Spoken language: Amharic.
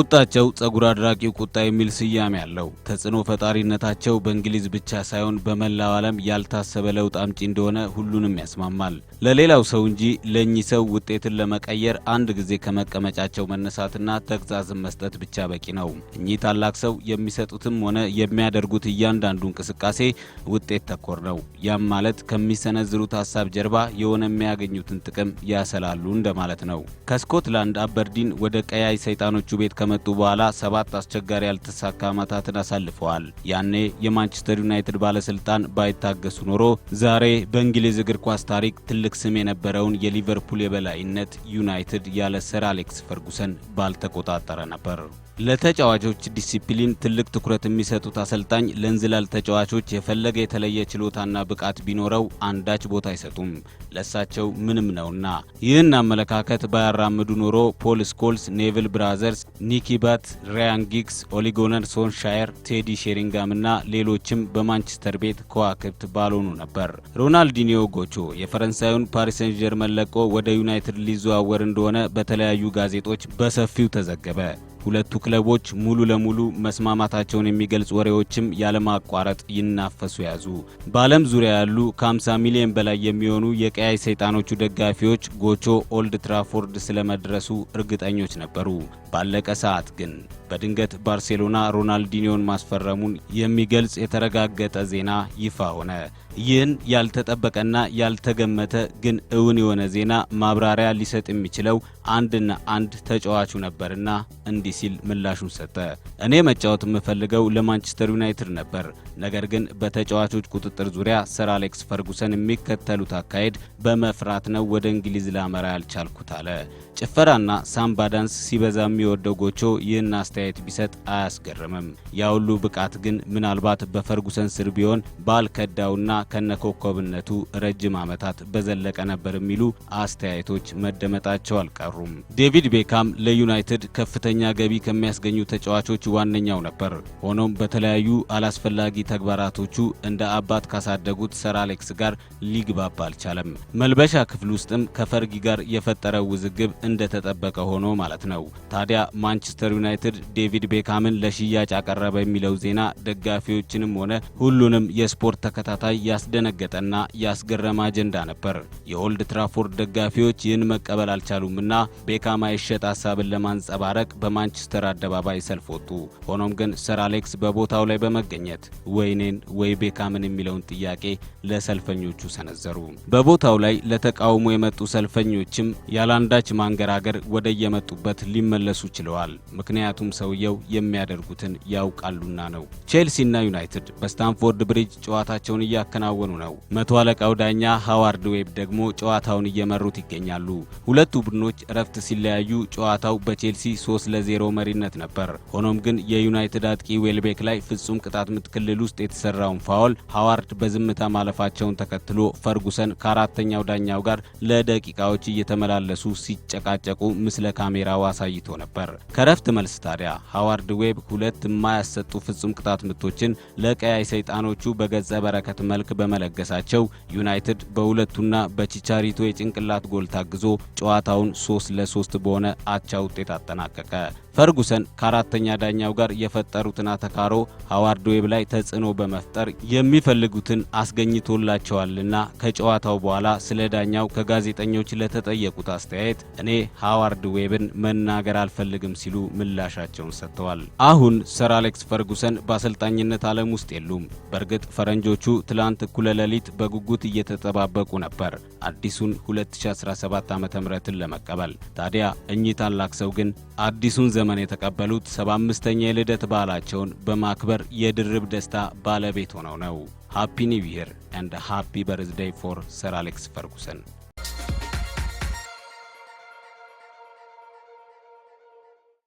ቁጣቸው ጸጉር አድራቂው ቁጣ የሚል ስያሜ ያለው ተጽዕኖ ፈጣሪነታቸው በእንግሊዝ ብቻ ሳይሆን በመላው ዓለም ያልታሰበ ለውጥ አምጪ እንደሆነ ሁሉንም ያስማማል። ለሌላው ሰው እንጂ ለእኚህ ሰው ውጤትን ለመቀየር አንድ ጊዜ ከመቀመጫቸው መነሳትና ተግዛዝን መስጠት ብቻ በቂ ነው። እኚህ ታላቅ ሰው የሚሰጡትም ሆነ የሚያደርጉት እያንዳንዱ እንቅስቃሴ ውጤት ተኮር ነው። ያም ማለት ከሚሰነዝሩት ሀሳብ ጀርባ የሆነ የሚያገኙትን ጥቅም ያሰላሉ እንደማለት ነው። ከስኮትላንድ አበርዲን ወደ ቀያይ ሰይጣኖቹ ቤት ከመጡ በኋላ ሰባት አስቸጋሪ ያልተሳካ ዓመታትን አሳልፈዋል። ያኔ የማንቸስተር ዩናይትድ ባለስልጣን ባይታገሱ ኖሮ ዛሬ በእንግሊዝ እግር ኳስ ታሪክ ትልቅ ስም የነበረውን የሊቨርፑል የበላይነት ዩናይትድ ያለ ሰር አሌክስ ፈርጉሰን ባልተቆጣጠረ ነበር። ለተጫዋቾች ዲሲፕሊን ትልቅ ትኩረት የሚሰጡት አሰልጣኝ ለእንዝላል ተጫዋቾች የፈለገ የተለየ ችሎታና ብቃት ቢኖረው አንዳች ቦታ አይሰጡም፣ ለእሳቸው ምንም ነውና። ይህን አመለካከት ባያራምዱ ኖሮ ፖል ስኮልስ፣ ኔቪል ብራዘርስ፣ ኒኪ ባት፣ ራያን ጊግስ፣ ኦሊጎነር ሶንሻየር፣ ቴዲ ሼሪንጋምና ሌሎችም በማንቸስተር ቤት ከዋክብት ባልሆኑ ነበር። ሮናልዲኒዮ ጎቾ የፈረንሳዩን ፓሪሰን ጀርመን ለቆ ወደ ዩናይትድ ሊዘዋወር እንደሆነ በተለያዩ ጋዜጦች በሰፊው ተዘገበ። ሁለቱ ክለቦች ሙሉ ለሙሉ መስማማታቸውን የሚገልጹ ወሬዎችም ያለማቋረጥ ይናፈሱ ያዙ። በዓለም ዙሪያ ያሉ ከ50 ሚሊዮን በላይ የሚሆኑ የቀያይ ሰይጣኖቹ ደጋፊዎች ጎቾ ኦልድ ትራፎርድ ስለመድረሱ እርግጠኞች ነበሩ። ባለቀ ሰዓት ግን በድንገት ባርሴሎና ሮናልዲኒዮን ማስፈረሙን የሚገልጽ የተረጋገጠ ዜና ይፋ ሆነ። ይህን ያልተጠበቀና ያልተገመተ ግን እውን የሆነ ዜና ማብራሪያ ሊሰጥ የሚችለው አንድና አንድ ተጫዋቹ ነበርና እንዲህ ሲል ምላሹን ሰጠ። እኔ መጫወት የምፈልገው ለማንቸስተር ዩናይትድ ነበር፣ ነገር ግን በተጫዋቾች ቁጥጥር ዙሪያ ሰር አሌክስ ፈርጉሰን የሚከተሉት አካሄድ በመፍራት ነው ወደ እንግሊዝ ላመራ ያልቻልኩት አለ። ጭፈራና ሳምባ ዳንስ ሲበዛ ለሚወደው ጎቾ ይህን አስተያየት ቢሰጥ አያስገርምም። ያ ሁሉ ብቃት ግን ምናልባት በፈርጉሰን ስር ቢሆን ባልከዳውና ከነኮከብነቱ ረጅም ዓመታት በዘለቀ ነበር የሚሉ አስተያየቶች መደመጣቸው አልቀሩም። ዴቪድ ቤካም ለዩናይትድ ከፍተኛ ገቢ ከሚያስገኙ ተጫዋቾች ዋነኛው ነበር። ሆኖም በተለያዩ አላስፈላጊ ተግባራቶቹ እንደ አባት ካሳደጉት ሰር አሌክስ ጋር ሊግባባ አልቻለም። መልበሻ ክፍል ውስጥም ከፈርጊ ጋር የፈጠረው ውዝግብ እንደተጠበቀ ሆኖ ማለት ነው ታዲያ ታዲያ ማንቸስተር ዩናይትድ ዴቪድ ቤካምን ለሽያጭ አቀረበ የሚለው ዜና ደጋፊዎችንም ሆነ ሁሉንም የስፖርት ተከታታይ ያስደነገጠና ያስገረመ አጀንዳ ነበር። የኦልድ ትራፎርድ ደጋፊዎች ይህን መቀበል አልቻሉምና ቤካም አይሸጥ ሀሳብን ለማንጸባረቅ በማንቸስተር አደባባይ ሰልፍ ወጡ። ሆኖም ግን ሰር አሌክስ በቦታው ላይ በመገኘት ወይኔን ወይ ቤካምን የሚለውን ጥያቄ ለሰልፈኞቹ ሰነዘሩ። በቦታው ላይ ለተቃውሞ የመጡ ሰልፈኞችም ያላንዳች ማንገራገር ወደ የመጡበት ሊመለሱ ሊደርሱ ችለዋል። ምክንያቱም ሰውየው የሚያደርጉትን ያውቃሉና ነው። ቼልሲና ዩናይትድ በስታንፎርድ ብሪጅ ጨዋታቸውን እያከናወኑ ነው። መቶ አለቃው ዳኛ ሃዋርድ ዌብ ደግሞ ጨዋታውን እየመሩት ይገኛሉ። ሁለቱ ቡድኖች እረፍት ሲለያዩ ጨዋታው በቼልሲ 3 ለዜሮ መሪነት ነበር። ሆኖም ግን የዩናይትድ አጥቂ ዌልቤክ ላይ ፍጹም ቅጣት ምት ክልል ውስጥ የተሰራውን ፋውል ሃዋርድ በዝምታ ማለፋቸውን ተከትሎ ፈርጉሰን ከአራተኛው ዳኛው ጋር ለደቂቃዎች እየተመላለሱ ሲጨቃጨቁ ምስለ ካሜራው አሳይቶ ነበር። ነበር። ከረፍት መልስ ታዲያ ሀዋርድ ዌብ ሁለት የማያሰጡ ፍጹም ቅጣት ምቶችን ለቀያይ ሰይጣኖቹ በገጸ በረከት መልክ በመለገሳቸው ዩናይትድ በሁለቱና በቺቻሪቶ የጭንቅላት ጎል ታግዞ ጨዋታውን ሶስት ለሶስት በሆነ አቻ ውጤት አጠናቀቀ። ፈርጉሰን ከአራተኛ ዳኛው ጋር የፈጠሩትን አተካሮ ሃዋርድ ዌብ ላይ ተጽዕኖ በመፍጠር የሚፈልጉትን አስገኝቶላቸዋልና ከጨዋታው በኋላ ስለ ዳኛው ከጋዜጠኞች ለተጠየቁት አስተያየት እኔ ሃዋርድ ዌብን መናገር አልፈልግም ሲሉ ምላሻቸውን ሰጥተዋል። አሁን ሰር አሌክስ ፈርጉሰን በአሰልጣኝነት ዓለም ውስጥ የሉም። በእርግጥ ፈረንጆቹ ትላንት እኩለ ሌሊት በጉጉት እየተጠባበቁ ነበር አዲሱን 2017 ዓ.ም ለመቀበል። ታዲያ እኚህ ታላቅ ሰው ግን አዲሱን ዘመን የተቀበሉት 75ኛ የልደት በዓላቸውን በማክበር የድርብ ደስታ ባለቤት ሆነው ነው። ሃፒ ኒው ይር ኤንድ ሃፒ በርዝደይ ፎር ሰር አሌክስ ፈርጉሰን